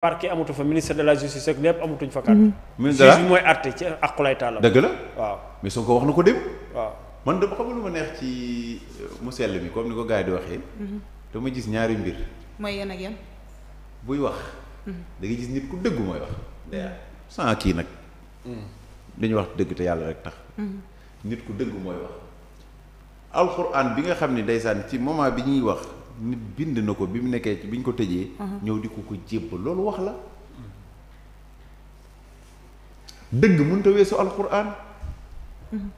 parquet amatu fa ministre de la justice ak lépp amatuñ fa kàddu. Mhm. ministre de la juge mooy àtte ci àqulaay taalam. dëgg la waaw mais soo ko wax na ko dem. man dama xam lu ma neex ci euh, mu sell mi comme ni ko gars yi di waxee. Mhm. dama gis ñaari mbir. mooy yan ak yan. buy wax. Mhm. da gis nit ku dëgg mooy wax. day kii nag. Mm. dañuy wax dëgg te yàlla rek tax. nit ku dëgg mooy wax. alxuraan bi nga xam ne ndeysaan ci moment bi ñuy wax. nit bind na ko bi mu nekkee ci bi ñu ko tëjee. ñëw di ko ko jébbal loolu wax la. Mm-hmm. dëgg mënut a weesu alxuraan. Mm-hmm.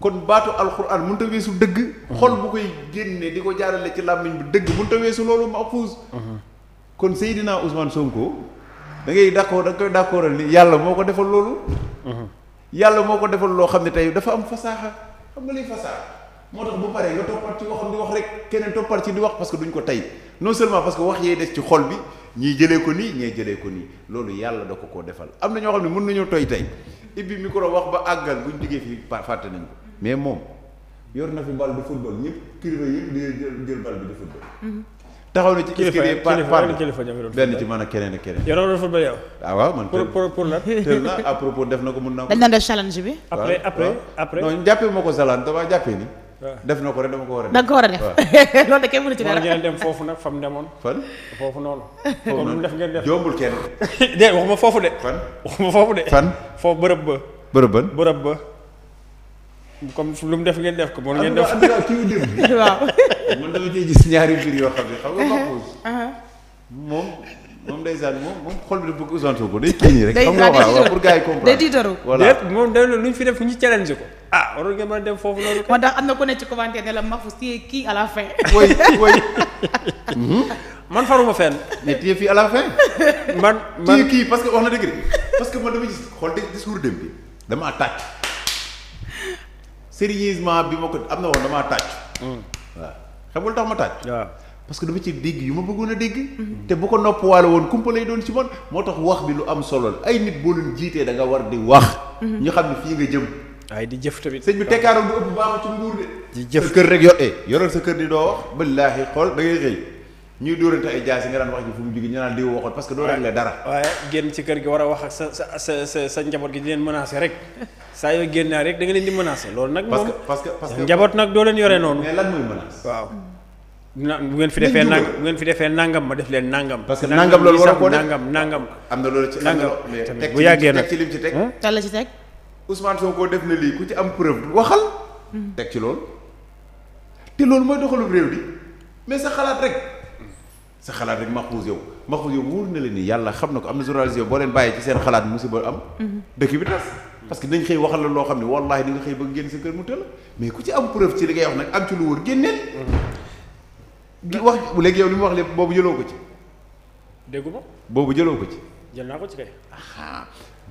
kon baatu alxuraan mënut a weesu dëgg. Mm-hmm. xol bu koy génne di ko jaarale ci làmmiñ bi dëgg mënut a weesu loolu mahfuus. kon Seydina Ousmane Sonko da ngay d'accord da nga koy d'accordal ni yàlla moo ko defal loolu. yàlla moo ko defal loo xam ne tey dafa am fasaaxa xam nga liy fasaaxa. moo tax bu paree nga toppat ci waxam di wax rek keneen toppat ci di wax parce que duñ ko tey non seulement parce que wax yee des ci xol bi ñii jëlee ko nii ñee jëlee ko nii loolu yàlla da ko koo defal am na ñoo xam ne mën nañoo toy tey ibbi micro wax ba àggal buñ diggee fii fàtte nañ ko mais moom yor na fi bal de football ñëpp kilifa yëpp di jël bal bi de football. Mhm. taxaw na ci escalier par par benn ci mën a keneen ak keneen. yow loolu football yow. ah waaw ko mun naa ko. dañ daan def challenge bi. après ma def na ko rek dama ko war a def. da ko war a def loolu da kenn mënu ci dara. ngeen dem foofu nag fa mu demoon. fan foofu noonu. foofu noonu def ngeen def jombul kenn. de waxuma foofu de. fan waxuma foofu de. fan foofu bërëb ba. bërëb ban bërëb ba. comme lu mu def ngeen def ko. mën ngeen def waaw. man dama gis ñaari mbir yoo xam ne moom moom ndeysaan moom moom xol bi bëgg Ousmane Sonko day kii nii rek. xam nga waaw pour gars tiitaru voilà lépp moom da lu ñu fi def ñu challenge ko. ah waroon nga a dem foofu loolu. moo tax am na ku ne ci commentaire ne la Mafou c'est kii à la fin. Hmm? man faruma fenn. mais tu es la fin. man man tu es kii parce que wax na dëgg de parce que man dama gis xool dëgg discours dem bi damaa tàcc. sérieusement bi ma ko am na woon damaa tàcc. Hmm. waaw xam lu tax ma tàcc. waaw. parce que dama ci dégg yu ma bëggoon a dégg. te bu ko noppwaale woon kumpa lay doon ci man moo tax wax bi lu am solo ay nit boo leen jiitee danga nga war di wax. ñu xam ne fii nga jëm. waaye di jëf tamit sëñ bi ah. tekkaaram bu ëpp baaxul ci nguur de. di jëf kër rek yor eh yoral sa kër di doo wax billaahi xool da ngay xëy ñuy dóorante ay jaas yi nga daan wax ji fu mu jógee ñu naan di waxoon parce dara. waaye génn ci kër gi war a wax ak sa sa sa sa njaboot gi di leen menacé rek saa yoo génnaa rek da nga leen di menacé loolu nag. moom parce que parce que parce que njaboot nag doo leen yore noonu. mais lan na bu ngeen fi defee nangam bu ngeen fi defee nangam ma def leen nangam. parce que nangam loolu war a ko def nangam am na loolu ci nangam tamit bu yàggee nag ci lim ci teg. kan la ci teg. Ousmane Sonko def na lii ku ci am preuve waxal. Hmm. teg ci loolu. te loolu mooy doxalub réew di mais sa xalaat rek sa xalaat rek maxuus yow maxuus yow wóor na leen yàlla xam na ko am na journaliste yow boo leen bàyyi ci seen xalaat musiba am. Hmm. dëkk bi tas. parce que xëy waxal la loo xam ne wallaahi di nga xëy ba génn sa kër mu tëla mais ku ci am preuve ci li wax léegi yow li mu wax lépp boobu jëloo ko ci. déggu ma. boobu jëloo ko ci. jël naa ko ci kay.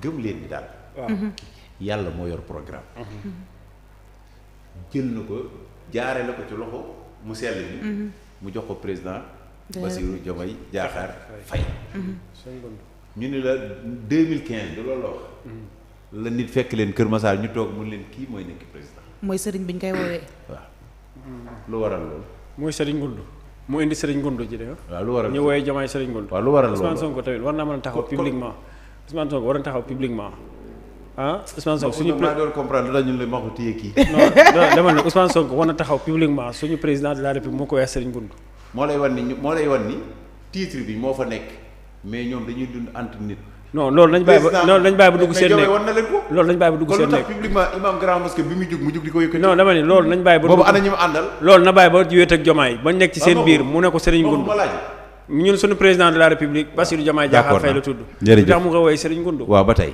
gëm leen ni daal. Mhm. yàlla moo yor programme. Mhm. Mhm. jël na ko jaare la ko ci loxo mu sell bi mu jox ko président. Bassirou Diomaye Diakhar Faye. ñu ne la 2015 du loolu la wax. la nit fekk leen Kër Massar ñu toog mun leen kii mooy nekk président. mooy sëriñ bi ñu koy woowee. waaw lu waral loolu. mooy sëriñ Goundou. mu indi Serigne Goundou ji de. Ah. waaw lu waral ñu woowee Diomaye Serigne Goundou. waaw lu waral loolu Ousmane tamit war naa mën a taxaw publiquement Ousmane Sonko ah, suñu. maa doon comprendre dañu la ko kii. non dama ne Ousmane Sonko war na taxaw publiquement suñu président de la République moo ko weesu Serigne Goundou. moo lay wan ni moo lay wan ni titre bi moo fa nekk mais ñoom dañuy dund entre nit. non loolu nañ bàyyi ba loolu nañ bàyyi ba dugg seen nekk wan na leen ko loolu nañ bàyyi ba dugg seen nekk kon lu tax publiquement imam grand mosquée bi muy jug mu jug di ko yëkkati non dama ne loolu nañ bàyyi ba boobu ana ñu mu àndal loolu na bàyyi ba wéet ak jomaay bañ nekk ci seen biir mu ne ko sëriñ Ngundu ñun suñu président de la république Bassirou Diomaye Diakhar Faye la tudd jërëjëf tax mu ko woy sëriñ Ngundu waaw ba tey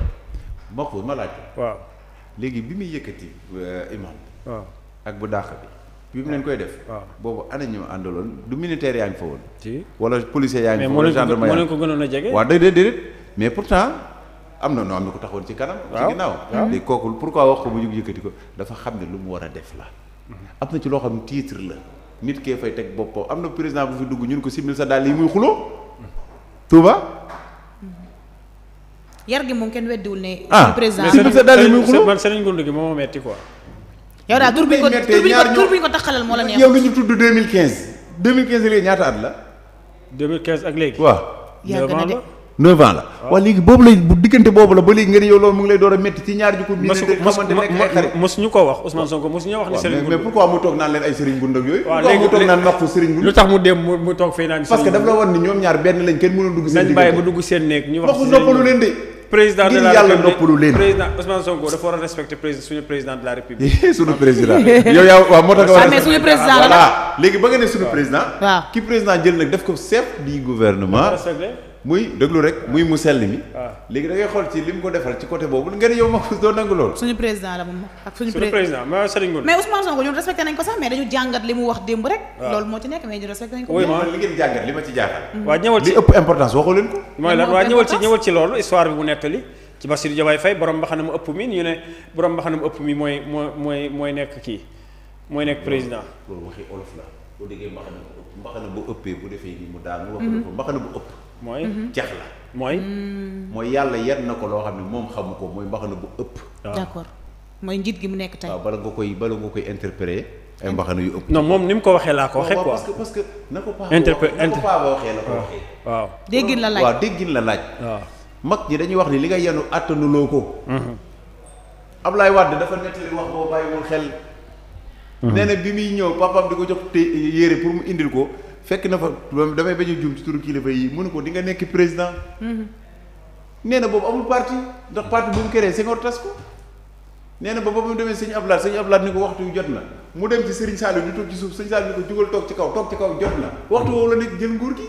mbokk ma laaj waaw léegi bi muy yëkkati euh, imam waaw ak bu dàq bi bi mu leen koy def boobu ana ñu àndaloon du militaire yaa ngi fa woon wala policier yaa ngi fa wala gendarme yaa ngi fa waaw déedéet déedéet mais pourtant am na noo am na ko taxoon ci kanam. ci ginnaaw léegi kooku pourquoi wax ko mu jóg yëkkati ko dafa xam ne lu mu war a def la. am na ci loo xam titre la nit kee fay teg boppam am na président bu fi dugg ñun ko simil sa daal yi muy xuloo Touba. yar gi moom kenn weddiwul ne. ah président simil sa daal yi muy xuloo man Serigne Goundou gi moo ma metti quoi. tur bi ko tur bi ko taxalal moo la neex. yow li ñu tudd 2015 2015 léegi ñaata at la. 2015 ak léegi. waaw. yàgg na de neuf ans la ah. waaw léegi boobu lay diggante boobu la ba léegi nga ne yow mu ngi lay door a métti ci ñaar ju ko mos mos ñu ko wax Ousmane wax ni Serigne mais pourquoi mu toog naan leen ay Serigne Goundou ak tax mu ba dugg seen néeg ñu wax war a respecter président suñu président de la république suñu ah. président yow yaa waaw moo tax nga war ah, mais suñu président la léegi ba nga ne suñu président waaw ki président jël nag def ko chef du gouvernement muy déglu rek muy mu sell mi. Ah. léegi da ngay xool ci li mu ko defal ci côté boobu ngeen yow ma doo nangu loolu. suñu président la moom ak suñu. président ma Serigne Ngoné mais Ousmane Sonko ñun respecté nañ ko sax mais dañu jàngat li mu wax démb rek. Ah. loolu moo ci nekk mais ñu respecté nañ ko. oui li ngeen jàngat li ma ci jaaxal. Mm-hmm. waaw ñëwal ci li ëpp importance waxoo leen ko. mooy lan waaw ñëwal ci ñëwal ci loolu histoire bi mu nettali. ci Bassirou Diomaye Faye borom ba xanam ëpp mi ñu ne borom ba xanam ëpp mi mooy mooy mooy mooy nekk kii mooy nekk président. loolu waxi olof la boo déggee mbaxana bu ëppee bu defee nii mu daanu. wax ko mm-hmm. mbaxana bu ëpp mooy mhm. jax la mooy mm. moo yàlla yan na ko loo xam ne moom xamu ko mooy mbaxana bu ëpp ah. d'accord mooy njiit gi mu nekk tey waaw ah, bala nga koy bala nga koy interpréter ay mbaxana yu ëpp non moom ni mu ko waxee laa ko waxee que parce que na ko paa na ko la ko ah. waxee waaw la laaj waaw déggin dañuy wax ni li nga yenu àttanuloo ko mhm. Ablaye Wade dafa nettali wax boo bàyyiwul xel mhm. nee na bi muy ñëw papam di ko jox te yére pour mu indil ko fekk na fa damay bañ a juum ci turu kilifa yi mu ne ko di nga nekk président. nee na boobu amul parti ndax parti bu mu créé Senghor tas ko. nee na ba ba mu demee sëñ Ablaat sëñ Ablaat ni ko waxtu jot na mu dem ci Serigne Saliou di toog ci suuf sëñ Saliou ni ko jugal toog ci kaw toog ci kaw jot na waxtu woowu la nekk jël nguur gi.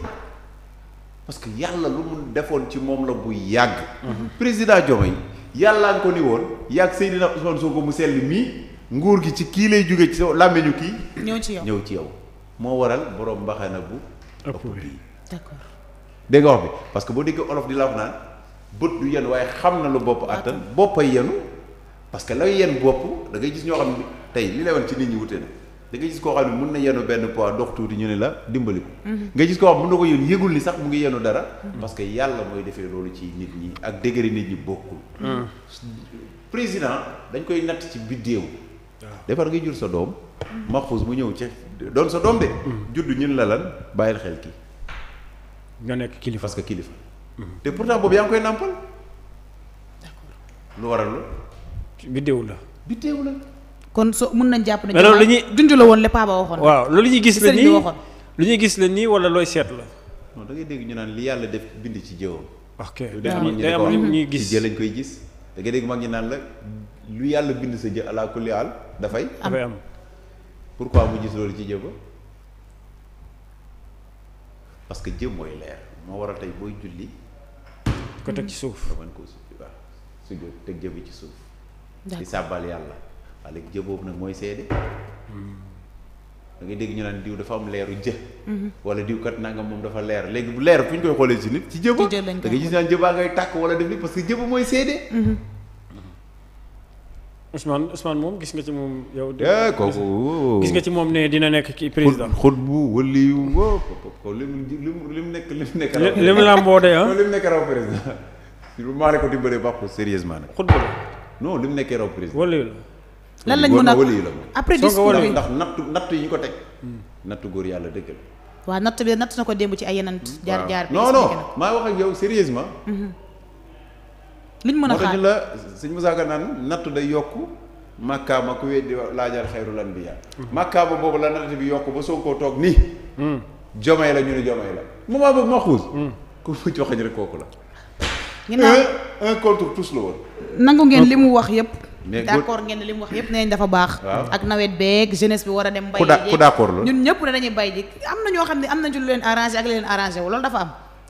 parce que yàlla lu mu defoon ci moom la bu yàgg. président Diomaye yàllaa nga ko ni woon yàgg Seydina soo ko mu sell mii nguur gi ci kii lay jóge ci sa làmmiñu kii. ñëw ci yow ñëw ci yow. moo waral borom mbaxana bu ëpp bii d'accord dégg nga wax bi parce que boo déggee olof di la wax naan bët du yenu waaye xam na lu bopp attan boppay yenu parce que lay yen bopp da ngay gis ñoo xam ni tey li la woon ci nit ñi wute na da ngay gis koo xam ne mun na yenu benn poids dox tuuti ñu ne la dimbali ko mhm. nga gis koo xam mun na ko yén yëgul ni sax mu ngi yenu dara mhm. parce que yàlla mooy defee loolu ci nit ñi ak dégëri nit ñi bokkul mhm. président dañ koy natt ci biddéew des fois jur sa doom maxfuus mu ñëw ci doon sa doom de juddu ñun la lan bàyyil xel kii nga nekk kilifa parce que kilifa te pourtant boobu yaa ngi koy nàmpal lu waral lu biddéew la biddéew la kon so mën nañ jàpp ne loolu lañuy dund la woon lépp ba waxoon waaw loolu ñuy gis la nii lu gis la nii wala looy seet la non da ngay dégg ñu naan li yàlla def bind ci jëwam ok day am ñuy gis lañ koy gis da ngay dégg mag ñi naan la lu yàlla bind sa jë ala dafay am pourquoi mu gis loolu ci jëmm parce que jë mooy leer moo war a tey booy julli ko teg ci suuf nga mën koo suppi waaw su ci suuf di sàbbal yàlla waaye léegi jë boobu nag mooy seede hmm. da dégg ñu naan diw dafa am leeru jë mhm. wala diw kat nangam moom dafa leer léegi bu leer fu ñu koy xoolee ci nit ci jëba da ngay gis naan jëbaa ngay tàkk wala def li parce que jëba mooy seede mhm. Ousmane Ousmane moom gis nga ci moom yow. Eh, kooku gis nga ci moom ne dina nekk kii président. xut bu wëliw woo ko li mu li mu nekk li mu nekk. li mu làmboo de ah. li mu nekk raw président. ne ko di bëree baax ko la. non li mu nekkee la. lan lañ a wëliw la moom. après discours ndax nattu nattu yi ñu ko teg. Hmm. nattu góor yàlla dëgg la. waaw natt bi natt na ko démb ci ay yeneen. jaar jaar non non maa wax ak yow sérieusement mm-hmm. liñ mën a xaar moo tax ñu la suñ musaaka naan nattu day yokk màkkaama ku weddi laajal bi anbiya màkkaama mhm. boobu la natt bi yokk ba soo koo toog nii mhm. jomay la ñu ne jomay la moment boobu ma xuus mhm. ku mucc waxañ rek kooku la ginnaaw un contre tous la woon nangu ngeen li mu wax yëpp d'accord ngeen li mu wax yëpp nee nañ dafa baax ak nawet beeg jeunesse bi war a dem bay ji ku d'accord la ñun ñëpp ne dañuy bay ji am na ñoo xam ne am nañ ci lu leen arrangé ak leen arrangé wu loolu am